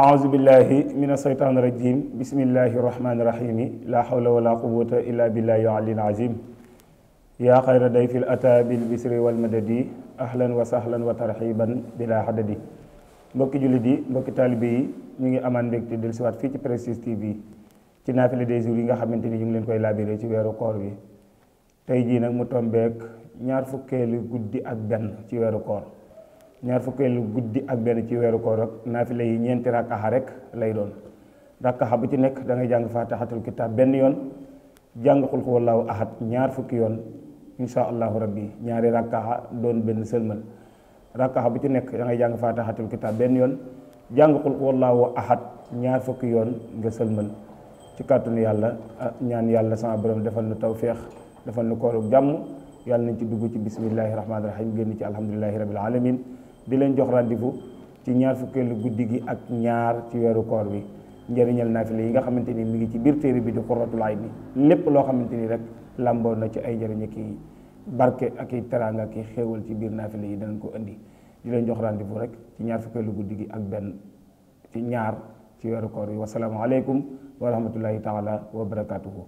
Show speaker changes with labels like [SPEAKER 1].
[SPEAKER 1] أعوذ بالله من الشيطان الرجيم بسم الله الرحمن الرحيم لا حول ولا قوة إلا بالله العلي العظيم يا خير ضيف الأتى بالبسر والمدد أهلا وسهلا وترحيبا بلا حدد مبكي جلدي مبكي طالبي نيجي أمان بك تدل سوات في تبريسيس تي في تنا في لدي زوري نغا خمين تني جملين كوي لابي ريتي ويرو كوروي تايجي نغ متوم بك نيار فوكي لغد دي أكبن تي ويرو كورو ñaar fukkeelu guddi ak benn ci weeru koor ak naafila yi ñeenti rakkaxa rek lay doon rakkaxa bu ci nekk da ngay jàng faatixatul kitaab benn yoon jàng xul huwallaahu ahad ñaar fukki yoon insha allahu rabbi ñaari rakkaxa doon benn sëlmal rakkaxa bu ci nekk da jàng faatixatul kitaab benn yoon jàng xul huwallaahu ahad ñaar fukki yoon nga sëlmal ci kàttanu yàlla ah, ñaan yàlla sama borom defal nu tawféex defal nu kooru jàmm yàlla nañ ci dugg ci bismillaahi rahmaani rahim génn ci alhamdulillahi rabbil alamin di leen jox rendez ci ñaar fukkeelu guddi gi ak ñaar ci weeru koor bi njëriñal naafile yi nga xamante ni mu ngi ci biir téere bi di Qurratul Ayni bi lépp loo xamante ni rek lamboo na ci ay njëriñ ki barke ak i teraanga ki xéewal ci biir naafile yi danañ ko indi di leen jox rendez-vous rek ci ñaar fukkeelu guddi gi ak benn ci ñaar ci weeru koor bi wasalaamualeykum wa rahmatullahi taala wa barakaatuhu